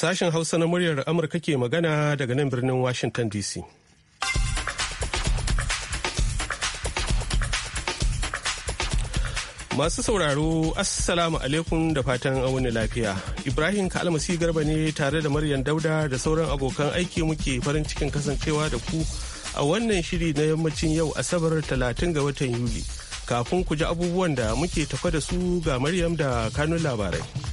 Sashen Hausa na muryar Amurka ke magana daga nan birnin Washington DC. Masu sauraro, Assalamu alaikum da fatan wani lafiya. Ibrahim Kalmasi Garba ne tare da Maryam Dauda da sauran abokan aiki muke farin cikin kasancewa da ku a wannan shiri na yammacin yau Asabar 30 ga watan Yuli. Kafin ku ji abubuwan da muke tafa da su ga Maryam da kanun labarai.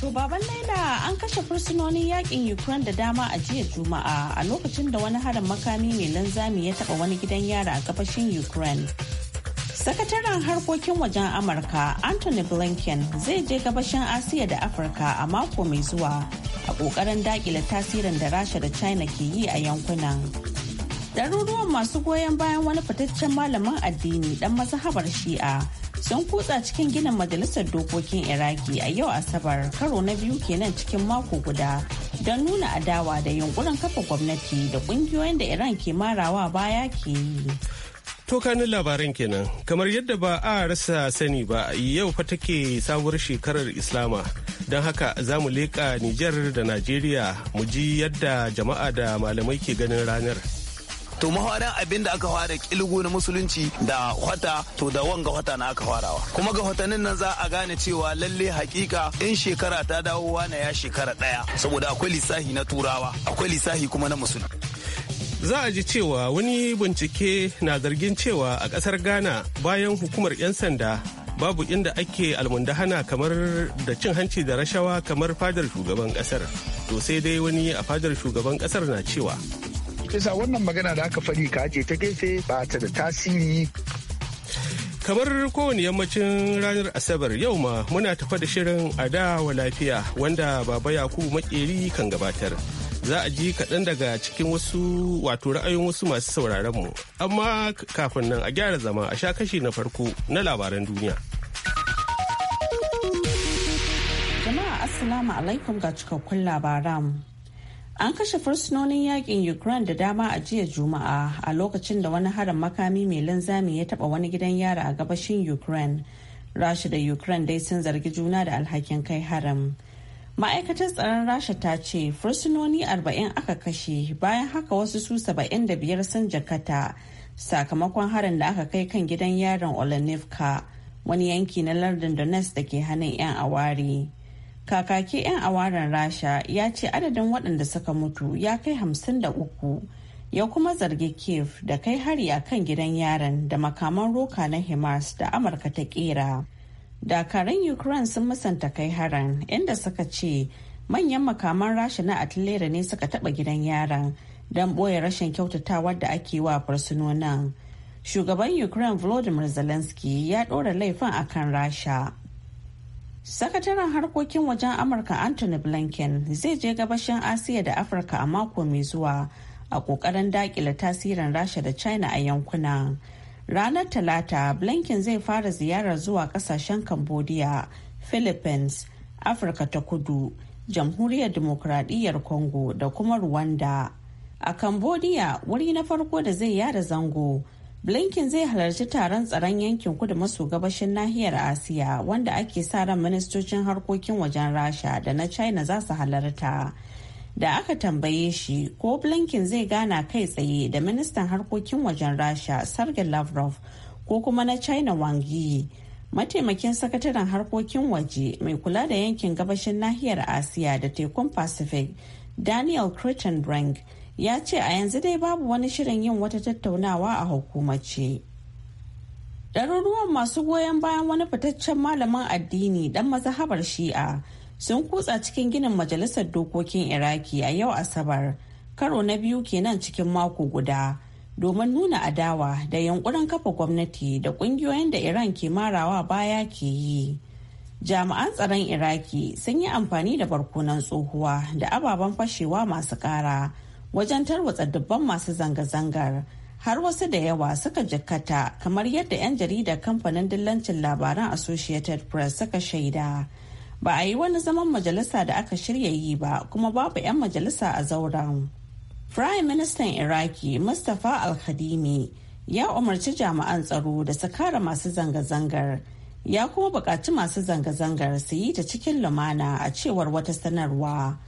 Shugaban Laila an kashe fursunonin yakin Ukraine da dama a jiya Juma'a a lokacin da wani harin makami mai linzami ya taba wani gidan yara a gabashin Ukraine. Sakataren harkokin wajen Amurka Anthony Blinken zai je gabashin Asiya da Afirka a mako mai zuwa a ƙoƙarin daƙile tasirin da Rasha da China ke yi a yankunan. Ɗaruruwan masu goyon bayan wani fitaccen malamin addini ɗan mazhabar Shi'a sun kutsa cikin ginin majalisar dokokin iraki a yau asabar karo na biyu kenan cikin mako guda don nuna adawa da yunkurin kafa gwamnati da kungiyoyin da iran ke marawa baya ke yi tokanin labaran kenan kamar yadda ba a rasa sani ba yau fa take sabuwar shekarar islama don haka za mu leƙa nijar da najeriya mu ji yadda jama'a da malamai ke ganin ranar to mahwara abin da aka fara kilgu na musulunci da hwata to da wanga hwata na aka farawa kuma ga watannin nan za a gane cewa lalle hakika in shekara ta dawo wane ya shekara daya saboda akwai lissahi na turawa akwai lissahi kuma na musulunci. za a ji cewa wani bincike na zargin cewa a kasar ghana bayan hukumar 'yan sanda babu inda ake almundahana kamar da cin hanci da rashawa kamar fadar shugaban kasar to sai dai wani a fadar shugaban kasar na cewa Yasa wannan magana da aka fari ka ce ta gefe ba ta da tasiri kamar kowane yammacin ranar asabar yau ma muna tafa da shirin adawa lafiya wanda baba yakubu makeri kan gabatar za a ji kaɗan daga cikin wasu wato ra'ayin wasu masu sauraron mu amma kafin nan a gyara zama a sha kashi na farko na labaran duniya jama'a assalamu alaikum ga cikakkun labaran An kashe fursunonin yakin Ukraine da dama a jiya Juma'a a lokacin da wani harin makami mai linzami ya taba wani gidan yara a gabashin Ukraine. Rasha da Ukraine dai sun zargi juna da alhakin kai harin. Ma'aikatar tsaron Rasha ta ce fursunoni 40 aka kashe bayan haka wasu su 75 sun jakata sakamakon harin da aka kai kan gidan yaron Olenivka wani yanki na lardin Donetsk da ke hannun 'yan awari. kakaki 'yan awaren rasha ya ce adadin waɗanda suka mutu ya kai hamsin da uku ya kuma zargi kiev da kai hari a kan gidan yaron da makaman roka na himas da amurka ta kera dakarun ukraine sun musanta kai harin inda suka ce manyan makaman rasha na atilera ne suka taba gidan yaron don ɓoye rashin kyautatawar da ake wa fursunonin shugaban ukraine volodymyr zelensky ya ɗora laifin akan rasha Sakataren harkokin wajen Amurka Anthony Blinken zai je gabashin Asiya da Afirka a mako mai zuwa a ƙoƙarin daƙila tasirin Rasha da China a yankuna. Ranar Talata, Blinken zai fara ziyarar zuwa ƙasashen Cambodia, Philippines, Afirka ta Kudu, Jamhuriyar Dimokuraɗiyyar Congo da kuma Rwanda. A Cambodia, wuri na farko da zai yada zango. Blinken zai halarci taron tsaron yankin kudu maso gabashin nahiyar Asiya wanda ake sa ran ministocin harkokin wajen Rasha da na China za su halarta. Da aka tambaye shi ko Blinken zai gana kai tsaye da ministan harkokin wajen Rasha Sergei Lavrov ko kuma na China Wang Yi. Mataimakin sakataren harkokin waje mai kula da yankin gabashin nahiyar Asiya da tekun Pacific Daniel Crittenbrink ya ce a yanzu dai babu wani shirin yin wata tattaunawa a hukumace. ɗaruruwan masu goyon bayan wani fitaccen malamin addini ɗan mazahabar shi'a sun kutsa cikin ginin majalisar dokokin iraki a yau asabar karo na biyu kenan cikin mako guda domin nuna adawa da yankunan kafa gwamnati da ƙungiyoyin da iran ke marawa baya ke yi jami'an tsaron iraki sun yi amfani da barkonan tsohuwa da ababen fashewa masu ƙara. wajen tarwatsa dubban masu zanga-zangar har wasu da yawa suka jikkata kamar yadda 'yan jarida kamfanin dillancin labaran associated press suka shaida ba a yi wani zaman majalisa da aka shirya yi ba kuma babu 'yan majalisa a zauren prime minister iraki mustapha al-khadimi ya umarci jami'an tsaro da su kare masu zanga-zangar ya kuma buƙaci masu zanga-zangar su yi ta cikin lumana a cewar wata sanarwa.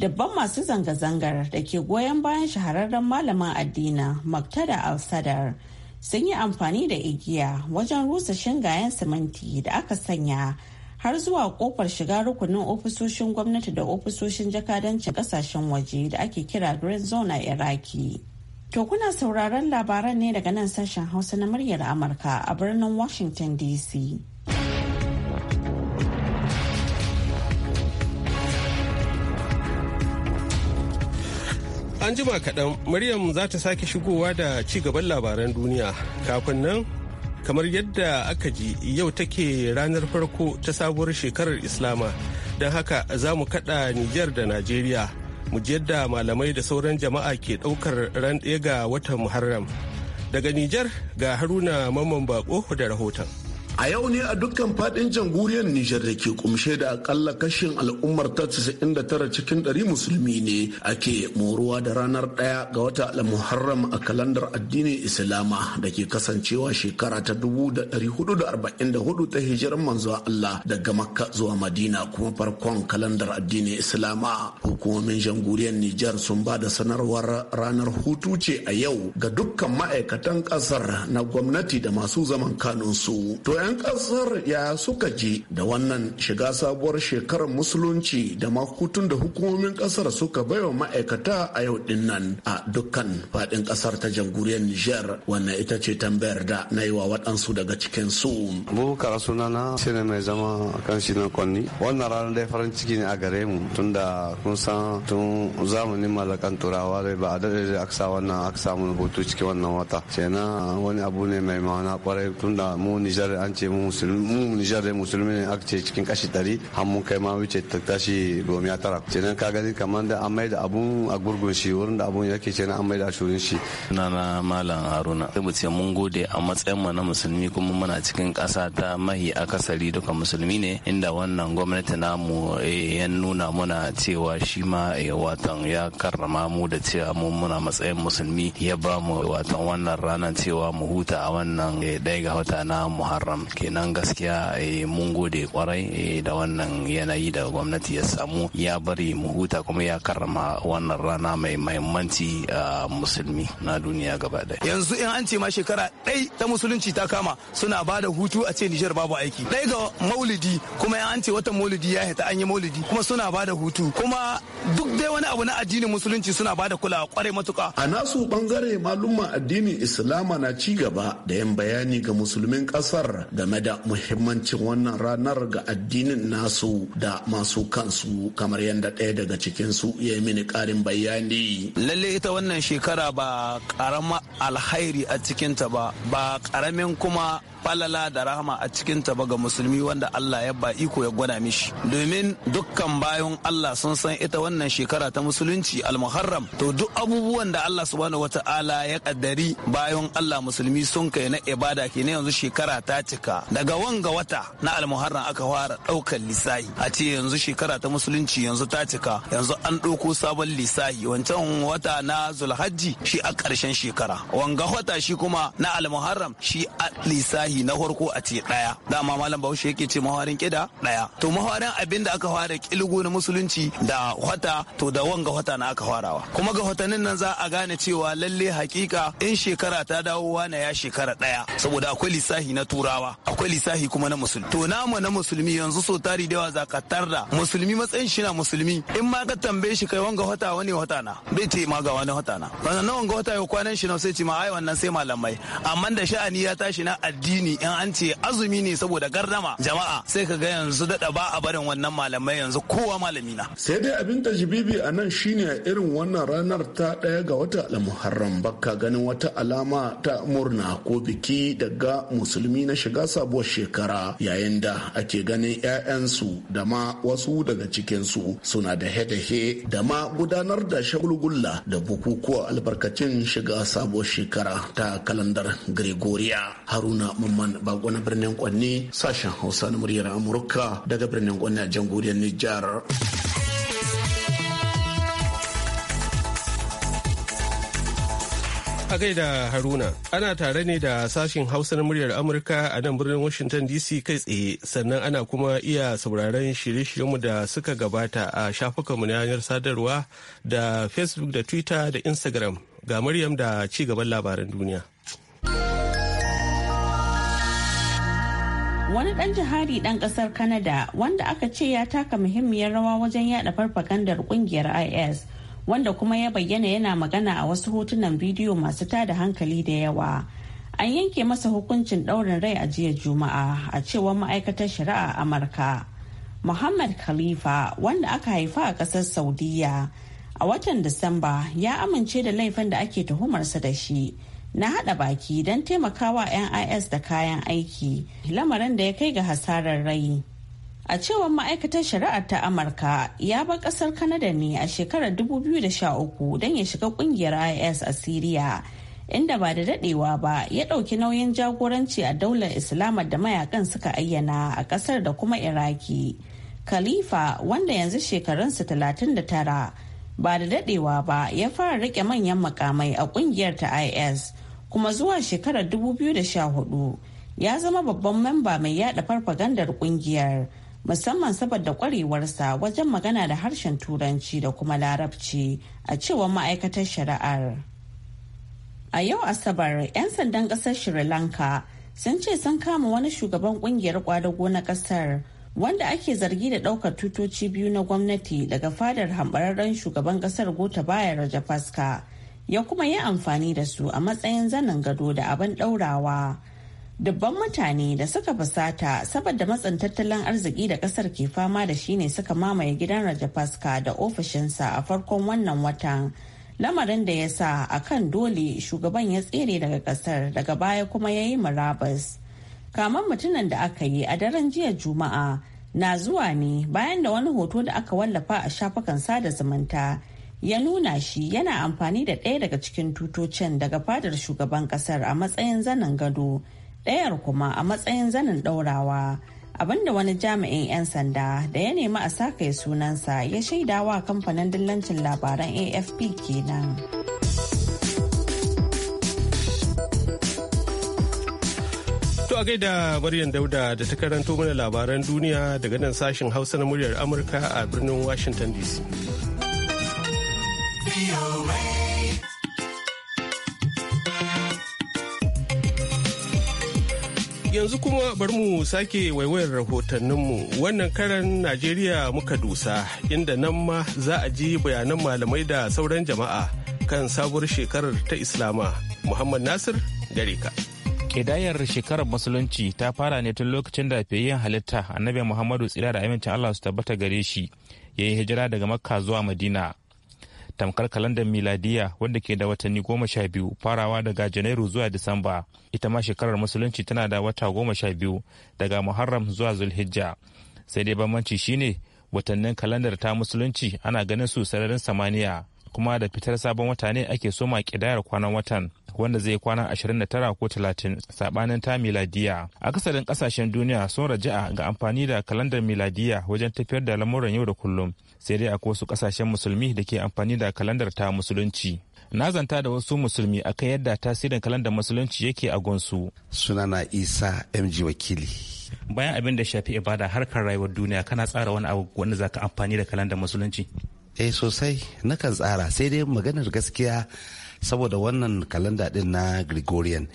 dabban masu zanga-zangar da ke goyon bayan shahararren malamin addina maktada al-sadar sun yi amfani da igiya wajen rusa shingayen siminti da aka sanya har zuwa kofar shiga rukunin ofisoshin gwamnati da ofisoshin jakadancin kasashen waje da ake kira green zone a iraki to kuna sauraron labaran ne daga nan sashen hausa na muryar amurka a birnin washington dc An jima kaɗan Maryam za ta sake shigowa da ci gaban labaran duniya. Kafin nan, kamar yadda aka ji yau take ranar farko ta sabuwar shekarar Islama. Don haka za mu kaɗa Nijar da Najeriya. Mu ji yadda malamai da sauran jama'a ke ɗaukar ran ɗaya ga watan Muharram. Daga Nijar ga Haruna Mamman Bako da rahoton. A yau ne a dukkan fadin jamhuriyar Nijar da ke kumshe da akalla kashin al'ummar ta 99 cikin 100 musulmi ne ake moruwa da ranar ɗaya ga wata al-Muharram a kalandar addinin Islama da ke kasancewa shekara ta hudu ta hijirar manzo Allah daga Makka zuwa Madina kuma farkon kalandar addinin Islama. Hukumomin jamhuriyar Nijar sun ba da sanarwar ranar hutu ce a yau ga dukkan ma'aikatan ƙasar na gwamnati da masu zaman kanunsu. To 'yan kasar ya suka ji da wannan shiga sabuwar shekarar musulunci da makutun da hukumomin kasar suka baiwa ma'aikata a yau din a dukkan faɗin kasar ta jamhuriyar Nijar wannan ita ce tambayar da na yi wa waɗansu daga cikin su. Bukar sunana shi ne mai zama a kan shi na kwanni. Wannan ranar dai farin ciki ne a gare mu tun da kun san tun zamanin malakan turawa dai ba a daɗe da aka wannan aka samu rubutu cikin wannan wata. Kenan wani abu ne mai ma'ana kwarai tun da mu Nijar an an ce mu musulmi mu Nijar dai musulmi ne aka ce cikin kashi ɗari har mun kai ma wuce ta tashi gomi a tara nan ka gani kamar da an da abun a gurgun shi wurin da abun yake ce an mai da shurin shi na na malam haruna sai mu ce mun gode a matsayin mu na musulmi kuma muna cikin ƙasa ta mahi akasari duka musulmi ne inda wannan gwamnati namu eh, ya nuna muna cewa shi ma eh, watan ya karrama mu da cewa mu muna matsayin musulmi ya ba mu watan wannan ranar cewa mu huta a wannan eh, ɗaya ga wata na muharram kenan gaskiya eh, mun gode kwarai eh, da wannan yanayi da gwamnati ya samu ya bari mu huta kuma ya karrama wannan rana mai mahimmanci a musulmi na duniya gaba daya yanzu in an ce ma shekara ɗai ta musulunci ta kama suna ba da hutu a ce nijar babu aiki ɗai ga maulidi kuma in an ce watan maulidi ya hita an yi maulidi kuma suna ba da hutu kuma duk dai wani abu na addinin musulunci suna ba da kulawa kwarai matuka a nasu bangare malumma addinin islama na ci gaba da yin bayani ga musulmin kasar game da muhimmancin wannan ranar ga addinin nasu da masu kansu kamar yadda ɗaya daga cikinsu ya yi mini ƙarin bayani. Lalle ita wannan shekara ba ƙarama alhairi a cikinta ba, ba ƙaramin kuma falala da rahama a cikinta ba ga musulmi wanda Allah ya ba iko ya gwada mishi. Domin dukkan bayan Allah sun san ita wannan shekara ta musulunci almuharram to duk abubuwan da Allah subhanahu wata'ala ya kaddari bayan Allah musulmi sun kai na ibada ke yanzu shekara ta cika haka daga wanga wata na almuharram aka fara ɗaukar lisahi a ce yanzu shekara ta musulunci yanzu ta cika yanzu an ɗauko sabon lisahi wancan wata na zulhajji shi a ƙarshen shekara wanga wata shi kuma na almuharram shi a lisahi na farko a ce ɗaya dama malam bahaushe yake ce maharin kida ɗaya to maharin abin da aka fara kilgo na musulunci da wata to da wanga wata na aka farawa kuma ga watannin nan za a gane cewa lalle hakika in shekara ta dawowa na ya shekara ɗaya saboda akwai lisahi na turawa akwai lissafi kuma na musulmi to namu na musulmi yanzu so tari da yawa zakatar da musulmi matsayin shi na musulmi in ma ka tambaye shi kai wanga wata wani wata na bai ce ma ga wani wata na na wanga wata ya kwanan shi na sai ce ma ai wannan sai malamai amma da sha'ani ya tashi na addini in an ce azumi ne saboda gardama jama'a sai ka ga yanzu dada ba a barin wannan malamai yanzu kowa malami na sai dai abin da jibibi a nan shine irin wannan ranar ta daya ga wata al-muharram bakka ganin wata alama ta murna ko biki daga musulmi na shiga shiga sabuwar shekara yayin da ake ganin 'ya'yansu da ma wasu daga cikinsu suna da hedehe da ma gudanar da shagulgulla da bukukuwa albarkacin shiga sabuwar shekara ta kalandar Gregoria. Haruna Mamman Bago na birnin Kwanne sashen Hausa na muryar Amurka daga birnin Kwanne a jamhuriyar Nijar. A gaida Haruna, ana tare ne da sashin Hausa na muryar Amurka a nan birnin Washington DC kai tsaye, sannan ana kuma iya sauraron shirye-shiryenmu da suka gabata a shafukanmu na yanar sadarwa da Facebook da Twitter da Instagram ga Maryam da ci gaban labaran duniya. Wani ɗan jihadi ɗan ƙasar Canada wanda aka ce ya taka muhimmiyar rawa wajen yada farfagandar ƙungiyar IS. wanda kuma ya bayyana yana magana a wasu hotunan bidiyo masu tada hankali da yawa an yanke masa hukuncin ɗaurin rai a jiya juma'a a cewar ma'aikatar shari'a amurka muhammad khalifa wanda aka haifa a ƙasar saudiya a watan disamba ya amince da laifin da ake tuhumarsa da shi na haɗa baki don taimakawa 'yan is da kayan aiki lamarin da ya kai ga hasarar rai A cewar ma'aikatar shari'ar ta Amurka ya bar ƙasar Kanada ne a shekarar 2013 don ya shiga ƙungiyar IS a Siriya, inda ba da dadewa ba ya ɗauki nauyin jagoranci a daular Islama da mayakan suka ayyana a ƙasar da kuma Iraki. Khalifa wanda yanzu shekarunsa 39 ba da dadewa ba ya fara rike manyan makamai a ƙungiyar ta IS kuma zuwa shekarar 2014 ya zama babban memba mai yada farfagandar kungiyar. musamman saboda kwarewarsa wajen magana da harshen turanci da kuma larabci a cewar ma'aikatar shari'ar a yau asabar 'yan sandan kasar sri lanka sun ce sun kama wani shugaban kungiyar kwadago na kasar wanda ake zargi da daukar tutoci biyu na gwamnati daga fadar hambararren shugaban kasar raja rajafaska ya kuma yi amfani da su a matsayin zanen gado da abin daurawa Dubban mutane da suka fusata saboda matsin tattalin arziki da kasar ke fama da shi ne suka mamaye gidan Rajapaska da ofishinsa a farkon wannan watan. Lamarin da ya sa a kan dole shugaban ya tsere daga kasar daga baya kuma ya yi murabas. Kaman mutumin da aka yi a daren jiya Juma'a na zuwa ne bayan da wani hoto da aka wallafa a shafukan sada zumunta. ya nuna shi yana amfani da ɗaya daga cikin tutocin daga fadar shugaban kasar a matsayin zanen gado ɗayar kuma a matsayin zanin ɗaurawa abinda wani jami'in 'yan sanda da ya nemi a sakaya sunansa ya shaida wa kamfanin dillancin labaran afp kenan To a gaida Maryam Dauda da ta karanto mana labaran duniya daga nan sashen Hausa na muryar Amurka a birnin Washington DC. yanzu kuma bar mu sake waiwayar rahotanninmu wannan karan Najeriya muka dusa inda nan ma za a ji bayanan malamai da sauran jama'a kan sabuwar shekarar ta Islama. Muhammad Nasir gare ka. Kedayar shekarar musulunci ta fara ne tun lokacin da yin halitta annabi Muhammadu tsira da amincin Allah su tabbata gare shi ya yi hijira daga Makka zuwa Madina. tamkar kalandar miladiya wadda ke da watanni goma sha biyu farawa daga janairu zuwa disamba ita ma shekarar musulunci tana da wata goma sha biyu daga muharram zuwa zulhijja sai dai bambanci shine watannin kalandar ta musulunci ana ganin su sararin samaniya kuma da fitar sabon wata ne ake soma kidayar kwanan watan wanda zai kwana 29 ko 30 sabanin ta miladiya a akasarin kasashen duniya sun raja'a ga amfani da kalandar miladiya wajen tafiyar da lamuran yau da kullum sai dai akwai wasu kasashen musulmi da ke amfani da kalandar ta musulunci na zanta da wasu musulmi akan yadda tasirin kalandar musulunci yake a gonsu sunana isa mg wakili bayan abin da shafi ibada harkar rayuwar duniya kana tsara wani abu wanda zaka amfani da kalandar musulunci eh sosai nakan tsara sai dai maganar gaskiya saboda wannan kalanda din na gregorian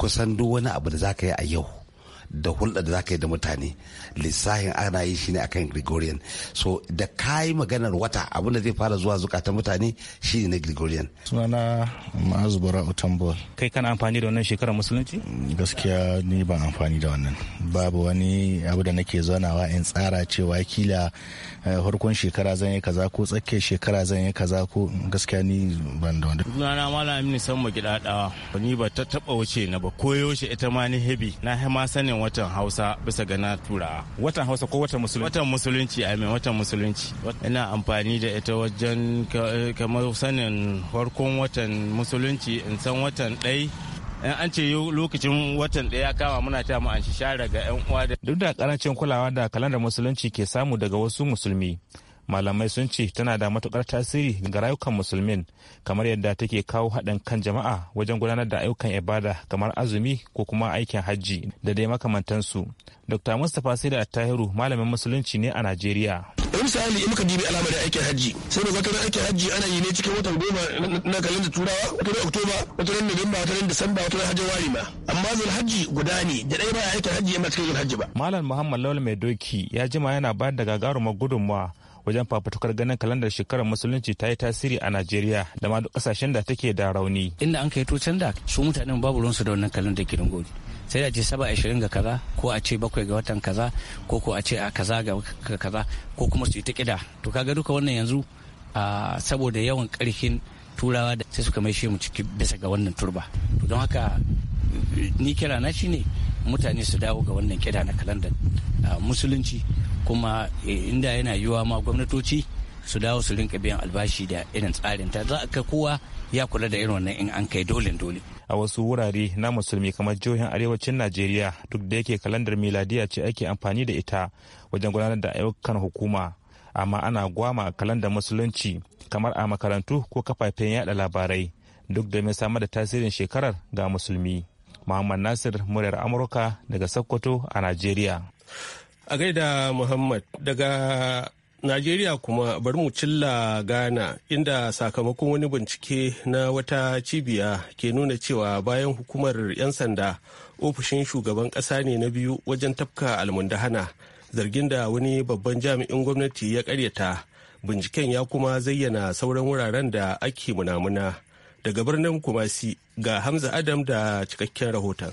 kusan duk wani abu da za ka yi a yau da hulɗa da zaka yi da mutane lissahin ana yi shine akan gregorian so da ka yi maganar wata abinda zai fara zuwa zukata mutane shine na gregorian sunana ma'azu bara utambol kai kana amfani da wannan shekarar musulunci gaskiya ni ban amfani da wannan babu wani abu da nake zanawa in tsara cewa kila farkon eh, shekara zan yi kaza ko tsakiyar shekara zan yi kaza ko gaskiya ni ban da wani. sunana malam aminu san mu gidadawa ni ba ta taba wuce na ba koyo shi ita ma ni hebi na hema sanin yin watan hausa bisa ga na turawa watan hausa ko watan musulunci watan musulunci a mai watan musulunci ina amfani da ita wajen kamar sanin farkon watan musulunci in san watan ɗai in an ce lokacin watan ɗaya kama muna ta mu an shi share ga yan uwa da duk da karancin kulawa da kalandar musulunci ke samu daga wasu musulmi malamai sun ce tana da matukar tasiri ga rayukan musulmin kamar yadda take kawo haɗin kan jama'a wajen gudanar da ayyukan ibada kamar azumi ko kuma aikin hajji da dai makamantansu dr mustapha saida attahiru malamin musulunci ne a najeriya misali in muka dibi alamar aikin hajji sai da zakarin aikin hajji ana yi ne cikin watan goma na da turawa watan oktoba watan nuwamba watan disamba watan hajjawari ma amma zai hajji guda ne da ɗaya ba aikin hajji ya cikin zul hajji ba malam muhammad lawal mai doki ya jima yana bayar da gagarumar gudunmawa wajen fafutukar ganin kalandar shekarar musulunci ta yi tasiri a najeriya da ma duk kasashen da take da rauni inda an kai to da su mutanen babu ruwansu da wannan kalandar gidan gobe sai da ce saba ashirin ga kaza ko a ce bakwai ga watan kaza ko ko a ce a kaza ga kaza ko kuma su yi ta kida to kaga duka wannan yanzu a saboda yawan karfin turawa da sai suka mai shi mu ciki bisa ga wannan turba to don haka ni kira na shine mutane su dawo ga wannan kira na kalandar musulunci kuma e, inda yana yiwuwa ma gwamnatoci su dawo su rinka biyan albashi da irin tsarin ta za ka kowa ya kula da irin wannan in an kai dole dole a wasu wurare na musulmi kamar jihohin arewacin najeriya duk da yake kalandar miladiya ce ake amfani da ita wajen gudanar da ayyukan hukuma amma ana gwama kalandar musulunci kamar a makarantu ko kafafen yada labarai duk da mai samar da tasirin shekarar ga musulmi Muhammad Nasir muryar Amurka daga Sokoto a Najeriya. A gaida Muhammad daga Najeriya kuma bari mu cilla Ghana inda sakamakon wani bincike na wata cibiya ke nuna cewa bayan hukumar 'yan sanda ofishin shugaban ƙasa ne na biyu wajen tafka almundahana zargin da wani babban jami'in gwamnati ya ƙaryata binciken ya kuma zayyana sauran wuraren da ake munamuna daga birnin kumasi ga hamza adam da cikakken rahoton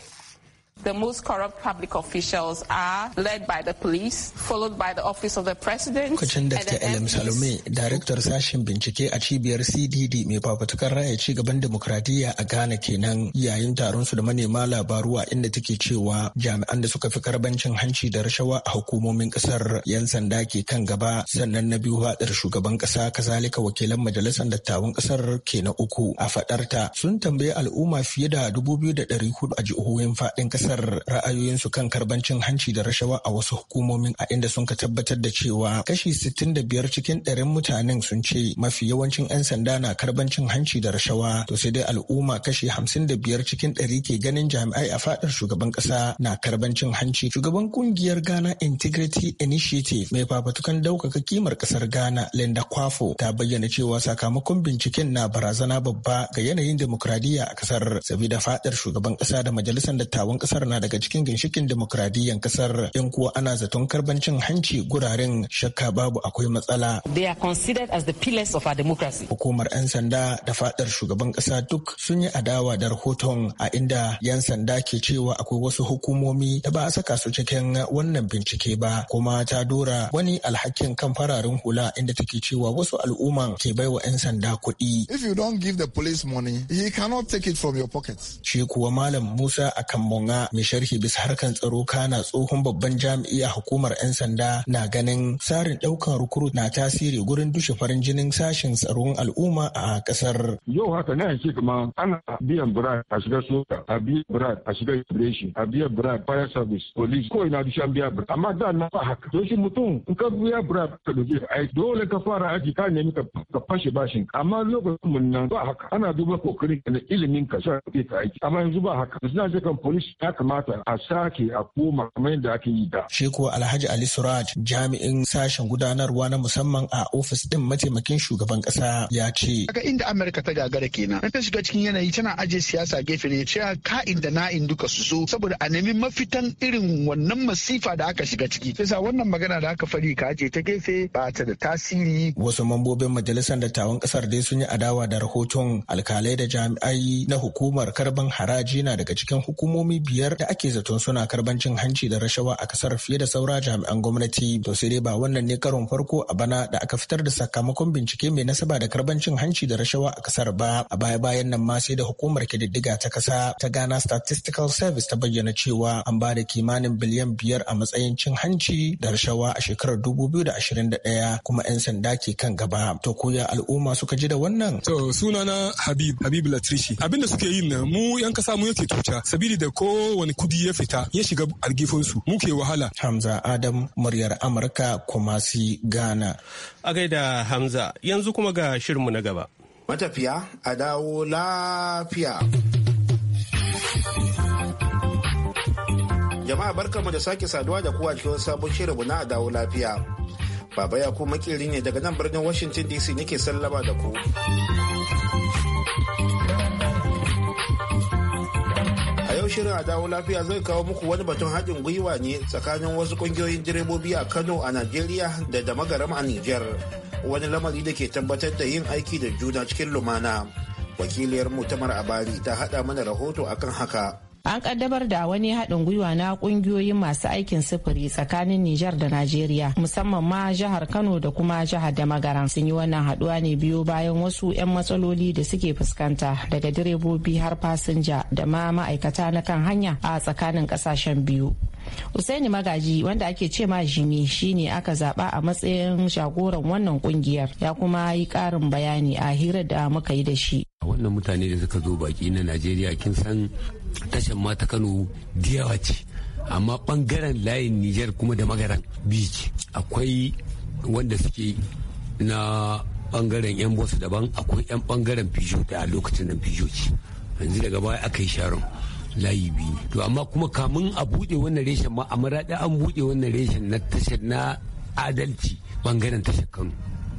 The most corrupt public officials are led by the police, followed by the office of the president. Kacin Dr. Elam Salome, daraktar sashen bincike a cibiyar CDD mai fafutukar raya ci gaban demokradiyya a Ghana kenan yayin taron su da manema labaru a inda take cewa jami'an da suka fi karbancin hanci da rashawa a hukumomin kasar yan sanda ke kan gaba sannan na biyu hadar shugaban kasa kazalika wakilan majalisar dattawan kasar ke na uku a fadarta sun tambayi al'umma fiye da dubu biyu da ɗari hudu a jihohin faɗin kasar fahimtar ra'ayoyinsu kan karbancin hanci da rashawa a wasu hukumomin a inda sun ka tabbatar da cewa kashi 65 cikin ɗarin mutanen sun ce mafi yawancin 'yan sanda na karbancin hanci da rashawa to sai dai al'umma kashi 55 cikin ɗari ke ganin jami'ai a fadar shugaban ƙasa na karbancin hanci shugaban kungiyar Ghana Integrity Initiative mai fafatukan daukaka kimar ƙasar Ghana Linda Kwafo ta bayyana cewa sakamakon binciken na barazana babba ga yanayin demokradiyya a ƙasar sabida fadar shugaban ƙasa da majalisar dattawan ƙasa kasar na daga cikin ginshikin demokradiyyar kasar in kuwa ana zaton karbancin hanci guraren shakka babu akwai matsala. They are considered as the pillars of our democracy. Hukumar 'yan sanda da fadar shugaban kasa duk sun yi adawa da rahoton a inda 'yan sanda ke cewa akwai wasu hukumomi da ba a saka su cikin wannan bincike ba kuma ta dora wani alhakin kan fararen hula inda take cewa wasu al'umma ke baiwa 'yan sanda kuɗi. If you don't give the police money, he cannot take it from your pocket. Shi kuwa Malam Musa Akambonga Amurka mai sharhi bisa harkan tsaro kana tsohon babban jami'i a hukumar 'yan sanda na ganin tsarin ɗaukan rukuru na tasiri gurin dushe farin jinin sashen tsaron al'umma a ƙasar. Yau haka ne ake kuma ana biyan birad a shiga soja, a biyan birad a shiga immigration, a biyan birad fire service, police, ko ina dushe an biya birad. Amma da na ba haka. Don shi mutum in ka biya birad ka ɗauke aiki dole ka fara aiki ka nemi ka fashe bashin. Amma lokacin mun nan ba haka. Ana duba kokarin ka na ilimin ka sa ka aiki. Amma yanzu ba haka. Yanzu na je police ya kamata a sake a koma kamar da ake yi da. Shi kuwa Alhaji Ali Suraj jami'in sashen gudanarwa na musamman a ofis din mataimakin shugaban kasa ya ce. Daga inda Amurka ta gagara kenan. na ta shiga cikin yanayi tana aje siyasa gefe ne cewa ka'in da na'in duka su so saboda a nemi mafitan irin wannan masifa da aka shiga ciki. Sai wannan magana da aka fari ka aje ta gefe ba ta da tasiri. Wasu mambobin majalisar dattawan kasar dai sun yi adawa da rahoton alkalai da jami'ai na hukumar karban haraji na daga cikin hukumomi biyar biyar da ake zaton suna karban cin hanci da rashawa a kasar fiye da saura jami'an gwamnati to sai dai ba wannan ne karon farko a bana da aka fitar da sakamakon bincike mai nasaba da karban cin hanci da rashawa a kasar ba a baya bayan nan ma sai da hukumar kididdiga ta kasa ta Ghana Statistical Service ta bayyana cewa an ba da kimanin biliyan biyar a matsayin cin hanci da rashawa a shekarar 2021 kuma 'yan sanda ke kan gaba to ko ya al'umma suka ji da wannan to sunana Habib Habib Latrishi abinda suke yi nan mu 'yan kasa mu yake tuca sabili da ko kowane kudi ya fita ya shiga algifinsu muke wahala. Hamza Adam muryar Amurka kumasi Ghana. A gaida Hamza yanzu kuma ga shirinmu na gaba. Matafiya a dawo lafiya. Jama'a barkanmu da sake saduwa da kowa cikin sabon shirinmu na a dawo lafiya. Baba ya ku makirin ne daga nan birnin Washington DC nake sallama da ku. shirin a dawo lafiya zai kawo muku wani batun haɗin gwiwa ne tsakanin wasu ƙungiyoyin direbobi a Kano a Najeriya da damagaram a Nijar. Wani lamari da ke tabbatar da yin aiki da juna cikin lumana. Wakiliyar a Abali ta haɗa mana rahoto akan haka. An kaddamar da wani haɗin gwiwa na ƙungiyoyin masu aikin sufuri tsakanin Nijar da Najeriya musamman ma jihar Kano da kuma jihar Damagaran sun yi wannan haɗuwa ne biyo bayan wasu 'yan matsaloli da suke fuskanta daga direbobi har fasinja da ma ma'aikata na kan hanya a tsakanin ƙasashen biyu. Usaini Magaji wanda ake ce ma Jimi shine aka zaba a matsayin shagoran wannan kungiyar ya kuma yi karin bayani a hirar da muka yi da shi. wannan mutane da suka zo baki na najeriya kin san tashan mata kano diyawa ce amma bangaren layin Nijar kuma da magaran beach ce akwai wanda suke na bangaren yan bosu daban akwai yan bangaren fijo da a lokacin da fijo ce yanzu daga baya aka yi sharon layi biyu to amma kuma kamun a buɗe wannan reshen ma a maraɗi an buɗe wannan reshen na tashar na adalci bangaren tashar kano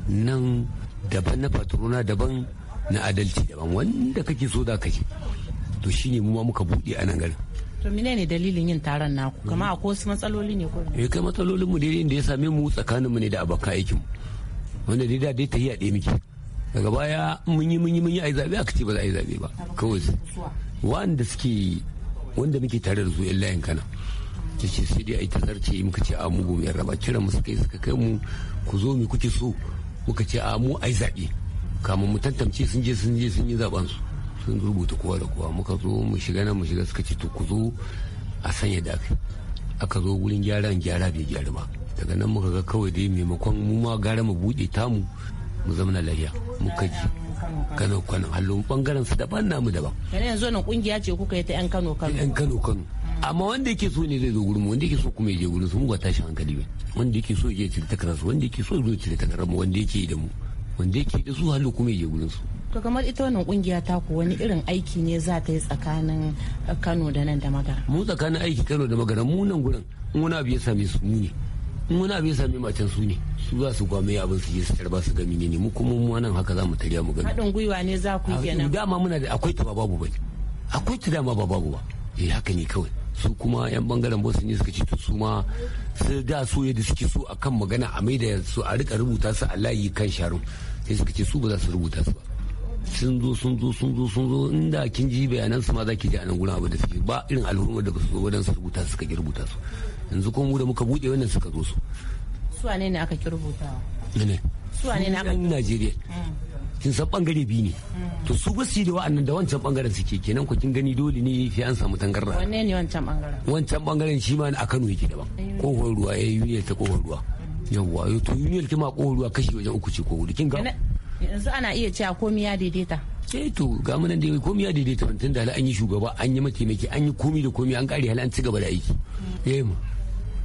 nan daban na patrona daban na adalci daban wanda kake so da kake to shine mu ma muka buɗe a nan garin to mine ne dalilin yin taron naku kama a wasu matsaloli ne kullum eh, kai matsalolin mu dai da ya same mu tsakanin mu ne da abokan aikin mu wanda dai da dai ta yi a ɗaya miki daga baya mun yi mun yi mun yi ai zabe aka ce ba za a yi zaɓe ba kawai wanda suke wanda muke tare da su yan layin kana ta ce sai dai a yi tazarce muka ce a mu gobe raba kira mu suka yi suka kai mu ku zo mu kuke so muka ce a mu ai zaɓe. kamun mu tantance sun je sun je sun yi zaɓen su sun rubuta kowa da kowa muka zo mu shiga nan mu shiga suka ce to ku zo a sanya da aka aka zo wurin gyaran gyara bai gyara ba daga nan muka ga kawai dai maimakon mu ma gara mu buɗe tamu mu zamana lafiya muka ji kano kano hallo bangaren su daban namu daban yanzu nan kungiya ce kuka yi ta yan kano kano yan kano kano amma wanda yake so ne zai zo gurin wanda yake so kuma ya je gurin su mu ga tashin hankali bai wanda yake so ya cire takarar su wanda yake so ya cire takarar mu wanda yake da mu wanda yake da su hallo kuma ya je gurin su to kamar ita wannan kungiya ta ku wani irin aiki ne za ta yi tsakanin kano da nan da magana mu tsakanin aiki kano da magana mu nan gurin in wani abu ya same su mu ne in wani abu ya same macen su ne su za su gwame abin su yi su tarba su gami ne mu kuma mu nan haka za mu tarya mu gani haɗin gwiwa ne za ku yi kenan dama muna da akwai ta babu ba akwai ta dama ba babu ba eh haka ne kawai su kuma yan bangaren bosu ne suka ci to su ma su da su yadda suke so akan magana a maida su a rika rubuta su a layi kan sharon sai suka ce su ba za su rubuta su ba sun zo sun zo sun zo sun zo inda kin ji bayanan su ma zaki ji a nan gurin da suke ba irin al'ummar da ba su zo wadan su rubuta suka ki rubuta su yanzu kuma mu da muka bude wannan suka zo su su wane ne aka ki rubutawa ne su wane ne aka Najeriya kin san bangare biyu ne mm. to su ba su da wa'annan da wancan bangaren suke kenan ku kin gani dole ne fi an samu tangarda wanne ne wancan bangaren wancan bangaren shi ma a Kano yake daban kofar ruwa yayi ne ta kofar ruwa mm. yawwa to uniyar kima kofar ruwa kashi wajen uku ce ko hudu kin ga yanzu ana iya cewa komi ya daidaita eh to ga munan da komi ya daidaita tun da an yi shugaba an yi mataimaki an yi komi da komi an kare hali an ci gaba da aiki yayi eh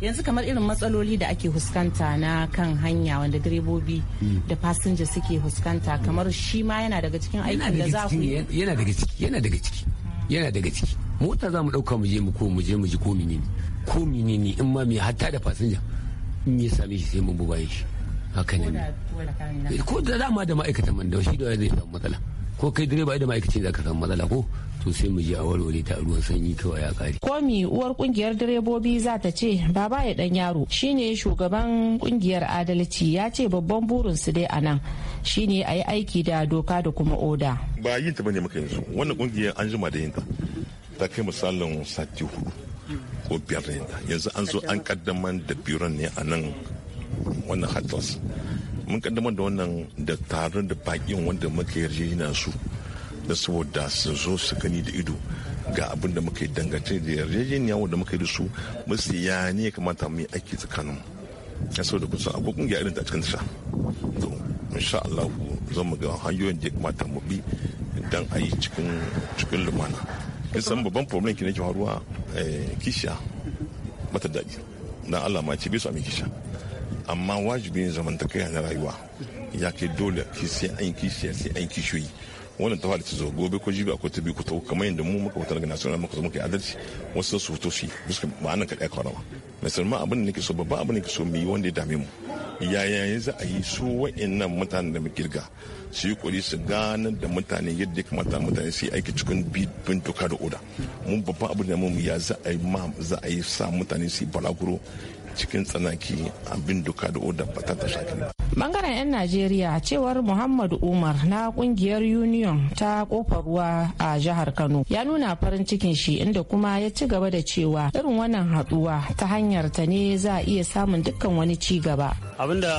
yanzu kamar irin matsaloli da ake huskanta na kan hanya wanda direbobi hmm. da fasinja suke huskanta kamar shi ma yana daga cikin aikin da za ku yana daga ciki yana daga ciki yana daga ciki mota za mu dauka mu je mu ko mu je mu ji ko menene ko menene in ma me hatta da fasinja in ya same shi sai mun bubaye shi haka ne ko da dama da ma'aikatan man da shi da zai samu matsala ko kai direba da ma'aikacin da samu matsala ko to sai mu je a warware ta ruwan sanyi kawai ya kare komi uwar kungiyar direbobi za ta ce baba ya dan yaro shine shugaban kungiyar adalci ya ce babban burin su dai anan shine a yi aiki da doka da kuma oda ba yin ta bane maka yanzu wannan kungiyar an jima da yin ta ta kai misalin sati hudu ko biyar da yin ta yanzu an zo an kaddaman da biron ne a nan wannan hatas mun kaddamar da wannan da taron da bakin wanda muka yana su da saboda su zo su gani da ido ga abin da muka yi dangance da yarjejeniya wanda muka yi da su musu ya ne ya kamata mu yi aiki tsakanin ya saboda kusa akwai kungiya irin ta cikin sha. to insha Allah za mu ga hanyoyin da ya kamata mu bi dan a yi cikin cikin lumana in san babban problem ki ke faruwa eh, kishiya mata daɗi dan Allah ma ce bai su amin kishiya amma wajibi ne zamantakaya na rayuwa ya ke dole ki sai an shi sai an ki kishiyoyi wannan ta halitta zo gobe ko jibi akwai ta biyu ko ta kamar yadda mu muka wata daga nasarar muka zama adalci wasu su fito shi bisa ma'anar kaɗai kwarawa musamman abin da nake so babban abin da nake so mu yi wanda ya dame mu yaya za a yi su wa'annan mutanen da kirga su yi kuri su ganar da mutane yadda ya kamata mutane su yi aiki cikin bin doka da oda mun babban abin da mu ya za a yi ma za a yi sa mutane su yi balaguro cikin tsanaki abin doka da oda ba ta tasha Bangaren 'yan Najeriya cewar Muhammadu Umar na kungiyar Union ta kofar ruwa a jihar Kano ya nuna farin cikin shi inda kuma ya ci gaba da cewa irin wannan haduwa ta hanyar ta ne za a iya samun dukkan wani ci gaba. Abinda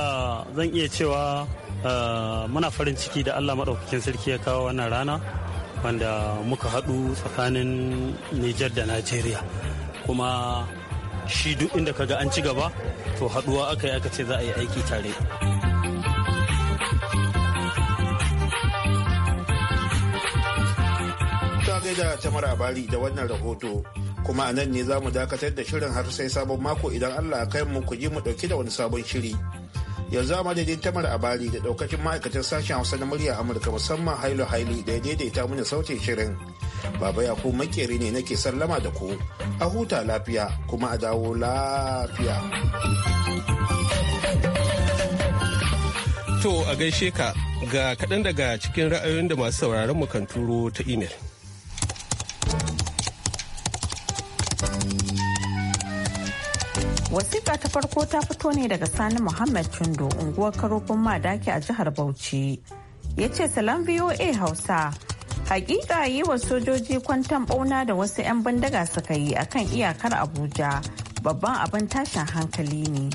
zan iya cewa eh, muna farin ciki da Allah maɗaukakin sarki ya kawo wannan rana wanda muka haɗu tsakanin Nijar da Najeriya kuma shi duk inda ka ga an ci gaba to haɗuwa aka yi aka ce za a yi aiki tare ta gaida tamar abali da wannan rahoto kuma a nan ne za mu dakatar da shirin har sai sabon mako idan allah kai mu ku ji mu ɗauki da wani sabon shiri yanzu a madadin tamar abari da daukacin ma'aikatan sashen hausa na murya amurka musamman hailu haili da ya daidaita mini sautin shirin baba ya ku makeri ne nake sallama da ku a huta lafiya kuma a dawo lafiya to a gaishe ka ga kaɗan daga cikin ra'ayoyin da masu sauraron mu kan turo ta imel. wasiƙa ta farko ta fito ne daga sani muhammad tundu unguwar karofin madaki a jihar bauchi ya ce salam voa hausa hakika yi wa sojoji kwantan bauna da wasu 'yan bindiga suka yi akan iyakar abuja babban abin tashin hankali ne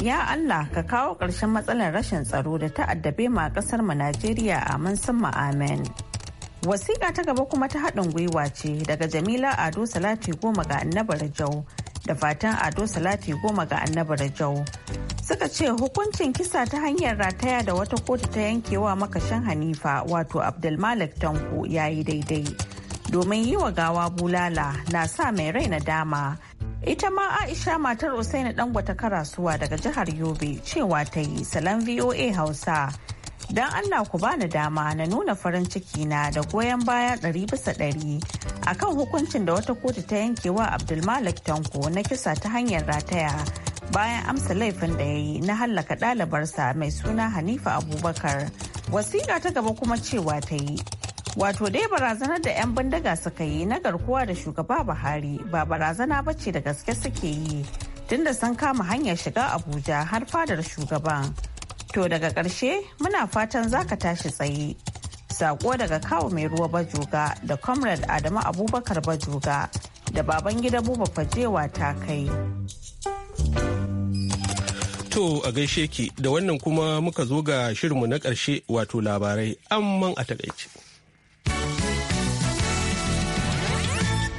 ya allah ka kawo ƙarshen matsalar rashin tsaro da ta addabe ma ƙasar mu najeriya a summa amen wasiƙa ta gaba kuma ta haɗin gwiwa ce daga jamila ado salati goma ga annabar jau da fatan ado salati goma ga Annabar rajau suka ce hukuncin kisa ta hanyar rataya da wata kotu ta yankewa makashin hanifa wato abdulmalik tanko ya yi daidai domin yi wa gawa bulala na sa mai rai na dama ita ma aisha matar usaini dangwata karasuwa daga jihar yobe cewa ta yi salon voa hausa don Allah ku bani dama na nuna farin ciki na da goyon baya ɗari bisa ɗari kan hukuncin da wata kotu ta yankewa Abdulmalik Tanko na kisa ta hanyar rataya bayan amsa laifin da ya yi na hallaka ɗalibarsa mai suna Hanifa Abubakar. Wasiƙa ta gaba kuma cewa ta yi. Wato dai barazanar da 'yan bindiga suka yi na garkuwa da shugaba Buhari ba barazana ba ce da gaske suke yi tunda sun kama hanyar shiga Abuja har fadar shugaban. To daga ƙarshe muna fatan za ka tashi tsaye. Sako daga kawo mai ruwa bajuga da Comrade Adamu Abubakar bajuga da baban gida buba fajewa ta kai. To a gaishe ki da wannan kuma muka zo ga shirinmu na ƙarshe wato labarai amman a takaice.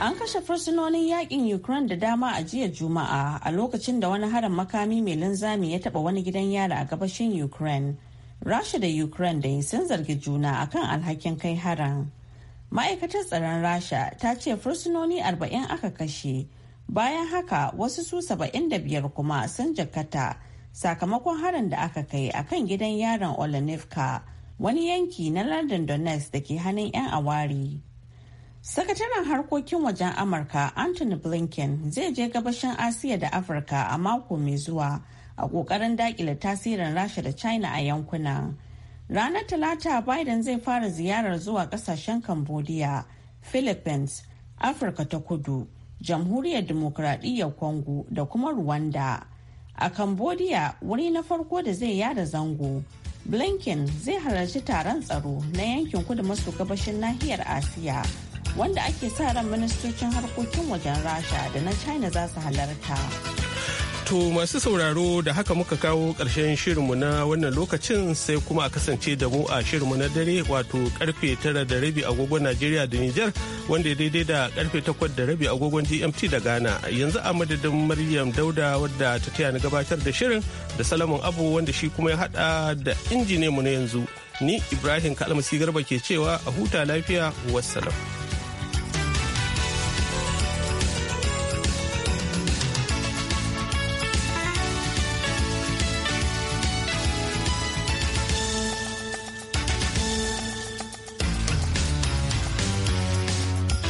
An kashe fursunonin yakin Ukraine da dama a jiya Juma'a a lokacin da wani harin makami mai linzami ya taba wani gidan yara a gabashin Ukraine. Rasha da Ukraine da sun zargi juna a kan alhakin kai harin. Ma'aikatar tsaron Rasha ta ce fursunoni 40 aka kashe. Bayan haka wasu su 75 kuma sun jakata sakamakon harin da aka kai akan gidan yaron Olenivka wani yanki na london Donetsk da ke hannun 'yan awari. Sakataren harkokin wajen Amurka Anthony Blinken zai je gabashin Asiya da Afirka a mako mai zuwa a ƙoƙarin daƙile tasirin Rasha da China a yankuna Ranar Talata Biden zai fara ziyarar zuwa ƙasashen Cambodia, Philippines, Afirka ta Kudu, Jamhuriyar Dimokuraɗiyyar Congo da kuma Rwanda. A Cambodia wuri na farko da zai yada zango. Blinken zai halarci taron tsaro na yankin kudu maso gabashin nahiyar Asiya. wanda ake sa ran ministocin harkokin wajen rasha da na china za su halarta To masu sauraro da haka muka kawo ƙarshen shirinmu na wannan lokacin sai kuma a kasance da mu a shirinmu na dare wato karfe tara da rabi agogon Najeriya da Nijar wanda ya daidai da karfe takwas da rabi agogon GMT da Ghana. Yanzu a madadin Maryam Dauda wadda ta taya ni gabatar da shirin da Salamun Abu wanda shi kuma ya hada da mu na yanzu. Ni Ibrahim Kalmasi Garba ke cewa a huta lafiya wassalam.